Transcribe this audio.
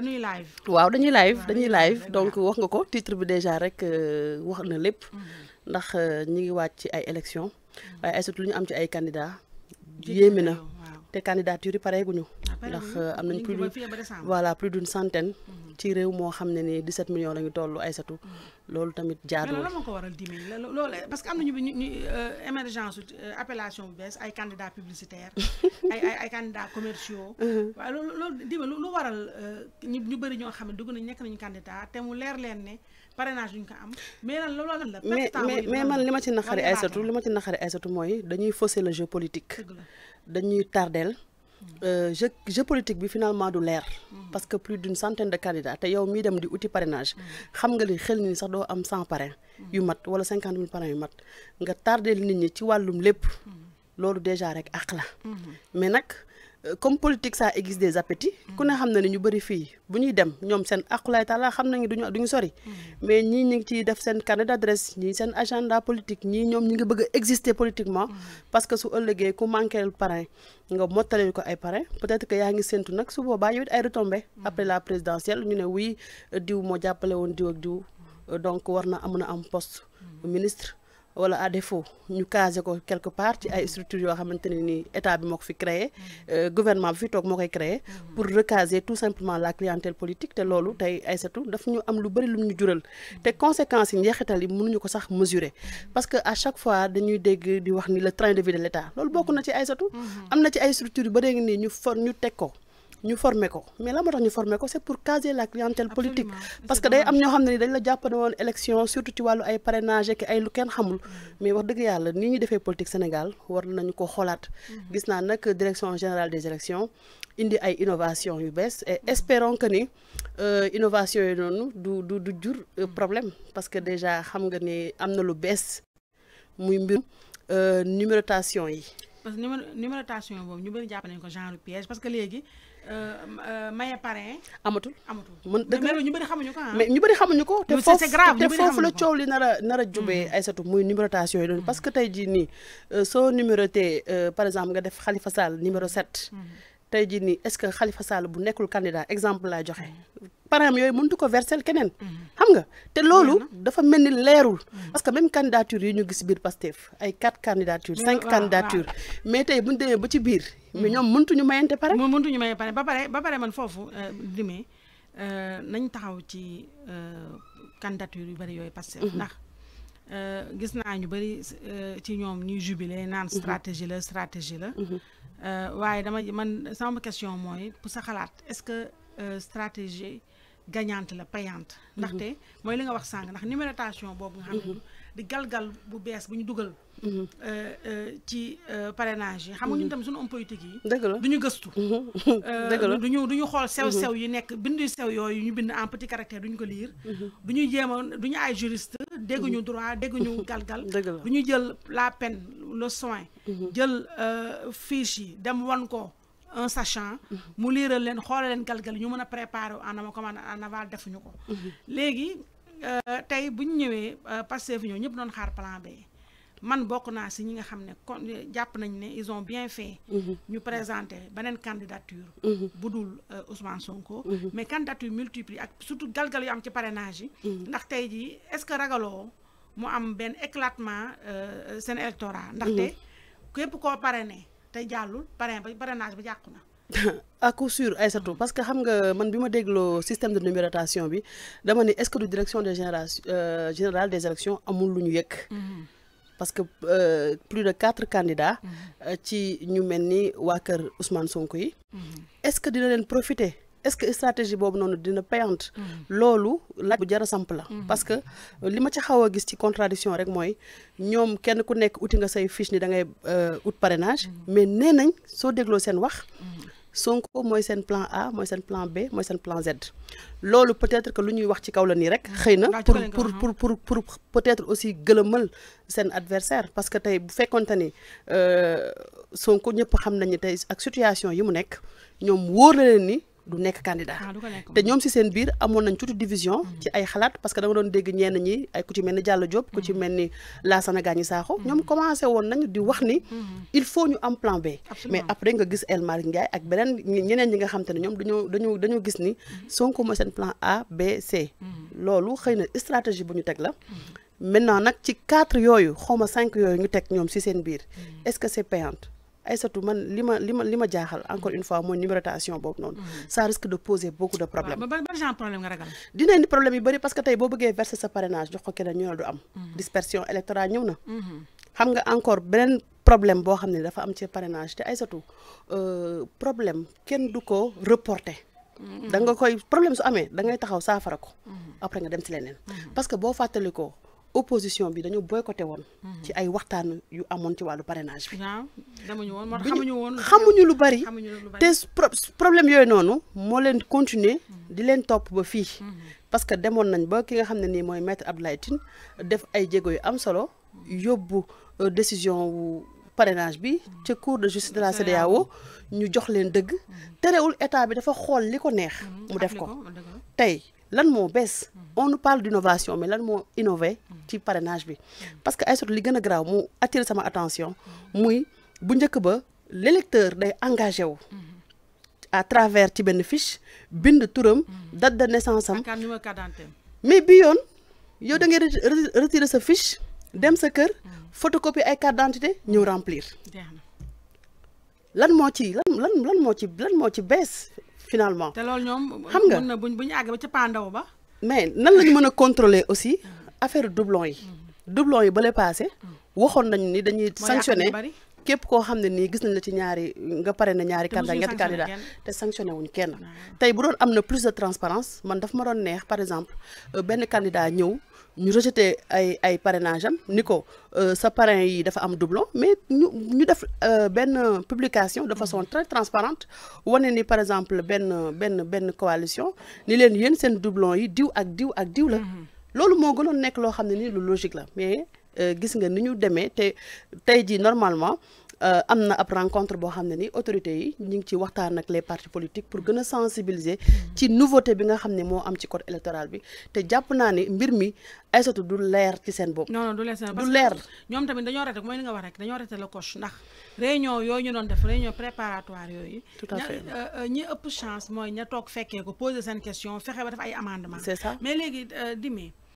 dañuy waaw dañuy live dañuy live donc wax nga ko titre bi déjà rek euh, wax na lépp mhm. ndax euh, ñi ngi wàcc ci ay élections mhm. waaye ay surtout lu ñu am ci ay candidats yéeme na. te candidature yi pareeguñu ndax am nañ plus voilà plus d'une centaine mhm. ci réew moo xam ne ni 17 millions la ñu toll ay satu mhm. loolu tamit jaar lan moo ko waral dix mille loolu parce que am nañu ñu euh, émergence euh, appellation bu bees ay candidats publicitaires ay ay ay candidats commerciaux uh-huh. waaw loolu loolu dix mille lu waral euh, ñu ñu bëri ñoo xam ne dugg nañ nekk nañu candidat te mu leer leen ne parrainage duñ ko am mais lan loolu la mais mais man li ma ci naqari ay satu li ma ci naqari ay satu mooy dañuy fausser le jeu politique dañuy tardel euh, je jeu politique bi finalement du l'air parce que plus d'une centaine de candidats té yow mi dem di outil parrainage. xam nga li xel ni sax do am 100 parrain. yu mat wala cinquante parrain yu mat nga tardel nit ñi ci walum lepp lolu déjà rek àq la mm-hmm. mais nag. Euh, comme politique ça existe des appétits ku ne ñu bëri fi bu ñuy dem ñom sen akulay taala xamna duñu mais def d'adresse agenda politique ñi ñom ñi ngi bëgg exister politiquement parce que su ku le parrain nga ko ay peut-être que ngi su après la présidentielle ñu oui diw diw euh, donc poste ministre wala à défaut ñu caser ko quelque part ci ay a une structure ne ni état bi moo ko fi créé euh, gouvernement bi fi toog créé pour recaser tout simplement la clientèle politique te lolo, tey Aïssatou daf ñu am lu bëri lu ñu jural té conséquences yi njeexital yi mënuñu ko sax mesurer parce que à chaque fois dañuy dégg di wax ni le train de vie de l'état lolo, bokku mm-hmm. na ci ay satou amna ci ay structure yu bëri ni ñu for ñu tek ko nous former ko mais la nous ñu former c'est pour caser la clientèle politique parce que day am ñoo xam dañ la élection surtout ci wàllu ay parrainage ki ay lu kenn xamul mm-hmm. mais wax dëgg yàlla ni ñu la politique Sénégal war nañu Nous avons mm-hmm. gis que la direction générale des élections indi ay innovation yu et mm-hmm. espérons que ni euh, innovation yi du du du du euh, problème parce que déjà xam nga ni am euh, numérotation parce que numéro numérotation boobu ñu bëri jàpp nañu ko genre piège parce que léegi euh, euh, maye parrain. amatul amatul mën dëgg la ñu bëri ah. te a nar a mm-hmm. jii nii euh, soo numéroté par exemple nga def Khalifa Sall numéro 7. Mm-hmm. tey jii nii est-ce que Khalifa Sall bu nekkul candidat exemple laa joxe. Mm-hmm. parents yooyu mëntu ko versel keneen. Mm-hmm. xam nga te loolu dafa mel ni leerul. Mm-hmm. parce que même candidature yi ñu gis biir Pastef ay quatre candidatures cinq candidatures mais tey bu ñu ba ci biir. Mm-hmm. mais ñoom mëntuñu mayante pare. moom mëntuñu mayante pare ba pare ba pare man foofu limee euh, euh, nañ taxaw ci euh, candidature yu bëri yooyu Pastef ndax gis naa ñu bëri ci ñoom ñuy jubilé naan stratégie la stratégie la. waaye dama man sama question mooy pour sa xalaat est-ce que stratégie. gagnante la payante. Mhm. ndaxte mooy li nga wax sànq ndax numérotation boobu nga xam ne mhm. di galgal bu bees bu ñu dugal. Mhm. Euh, euh, ci euh, parrainage yi. xam nga ñun tam suñu homme politique yi. dëgg du ñu gëstu. dëgg la du ñu xool sew sew yi nekk bindu sew yooyu ñu bind en petit caractère du ñu ko liir. du ñu jéem du ñu ay juriste. dégguñu droit dégguñu galgal. dëgg la du ñu jël la peine le soin. jël fiche yi dem wan ko. un sachant mu liiral leen xoolal leen ñu mën préparer en amont comme en aval defuñu ko léegi euh, tey bu ñu ñëwee euh, Pastef ñëw ñëpp doon xaar plan B man bokk n'a si ñi nga xamné ne kon nañ né ils ont bien fait ñu présenter benen candidature budul euh, Ousmane Sonko mais candidature multiple ak surtout galgal yu am ci parrainage ndax tay ji est-ce que ragalo mu am ben éclatement sen électorat ndaxte képp ko parrainé te jàllul parrain ba parrainage ba yakuna à coup sûr Aïssatou parce que xam nga man bima ma système de numérotation bi dama ne est-ce que du direction des euh, générale des élections amul lu yek? Mhm. parce que euh, plus de quatre candidats mhm. euh, ci ñu melni wa keur Ousmane Sonko yi mhm. est-ce que dina leen profiter est-ce que stratégie boobu noonu dina payante mm. loolu la bu mm. jara parce que euh, li ma ci xaw a ci contradiction rek moi, nous kenn ku nekk uti nga say fiche ni da ngay euh, ut parrainage mm. mais nee nañ soo dégloo seen wax Sonko c'est un plan A c'est un plan B c'est un plan Z loolu peut-être que lu ñuy wax ci kaw la rek pour pour uh-huh. pour pour peut-être aussi gëlëmal seen adversaire parce que tey bu fekkonte ni euh, Sonko ñëpp xam nañu tey ak situation yi mu nekk ñoom wóor ni du nek candidat ah, te ñom si seen biir amon nañ tuuti division mhm. ci ay xalaat parce que dama doon dégg ñenn ñi ay ku ci melni Diallo Diop ku ci mhm. melni La Lassana ñi saxo ñom commencé won nañ di wax ni mhm. il faut ñu am plan B mais après nga gis El Malick Ndiaye ak benen ñeneen ñi nga xam te ne dañu dañoo dañu dañoo gis ni Sonko mooy seen plan A B C lolu xeyna stratégie bu ñu tek la maintenant nak ci quatre yooyu xawma cinq yooyu ñu tek ñom si seen biir est-ce que c'est payant ay man lima lima lima djahal encore une fois mooy numérotation boobu noonu mm-hmm. ça risque de poser beaucoup de problèmes dina indi problème yu bëri parce que tu as bëggee vers sa parrainage jox ko keneen ñu ne du am mm-hmm. dispersion électorale ñëw na mm-hmm. xam nga encore beneen problème boo xam ne dafa am ci parrainage te ay euh, problème kenn du ko reporter da nga koy problème su amee da ngay taxaw saafara après nga dem ci leneen parce que boo fàttalikoo opposition bi dañu boycotté won ci ay waxtaan yu amone ci walu parrainage bi. demuñu woon xamuñu woon. xamuñu lu bari té problème yoy nonu mo leen continuer di leen top ba fi mm-hmm. parce que démon nañ ba ki nga xamné ni moy maître Abdoulaye Tine def ay djégo yu am solo yobbu euh, décision wu parrainage bi ci cour de justice de la mm-hmm. CDAO mm-hmm. ñu jox leen dëgg. terewul état bi dafa xol liko neex. mu def ko tay lan mo baisse. on nous parle d'innovation, mais lan mo innover ci parrainage bi parce que ay sot li gëna graw garaaw mu attiré sama attention muy bu njëkk ba l'électeur day engagé wu à travers ci benn fiche bind turam date de naissance am mais bi yoon yow da ngay retirer sa fiche dem sa kër photocopie ay carte d'identité ñeu remplir lan mo ci lan lan lan ci lan mo ci baisse finalement. te loolu ñoom. xam nga mën na pandaw ba. mais nan la mëna contrôler aussi affaire doublon yi. Mm. doublon yi bale passé mm. waxon nañ ni dañuy sanctionner képp ko xamné ni gis nañ la ci ñaari nga paré na ñaari candidat ñetti candidat té sanctionné wuñ kenn Tay bu doon amna plus de transparence man daf ma doon neex par exemple ben candidat ñëw nous rejeté ay ay parrainage am euh, parrain doublon mais ñu def euh, publication de façon très transparente par exemple ben coalition ni len yeen doublon yi diw ak diw ak diw la mhm. logique mais euh, gis nga ni normalement euh, am na ab rencontre bo xamné ni autorité yi ñing ci waxtaan ak les partis politiques pour gëna sensibiliser ci nouveauté bi nga xamné mo am ci code électoral bi té japp naa ne mbir mi ay sotu du lèr ci sen bopp. non non du leer du leer. ñoom tamit dañoo rete mooy li nga wax rek dañoo rete le coche ndax réunion yooyu ñu doon def réunion préparatoire yooyu. tout à fait euh, euh, ñi ëpp chance moy ña tok féké ko poser sen question fexé ba def ay amendement. c'est ça mais légui dimi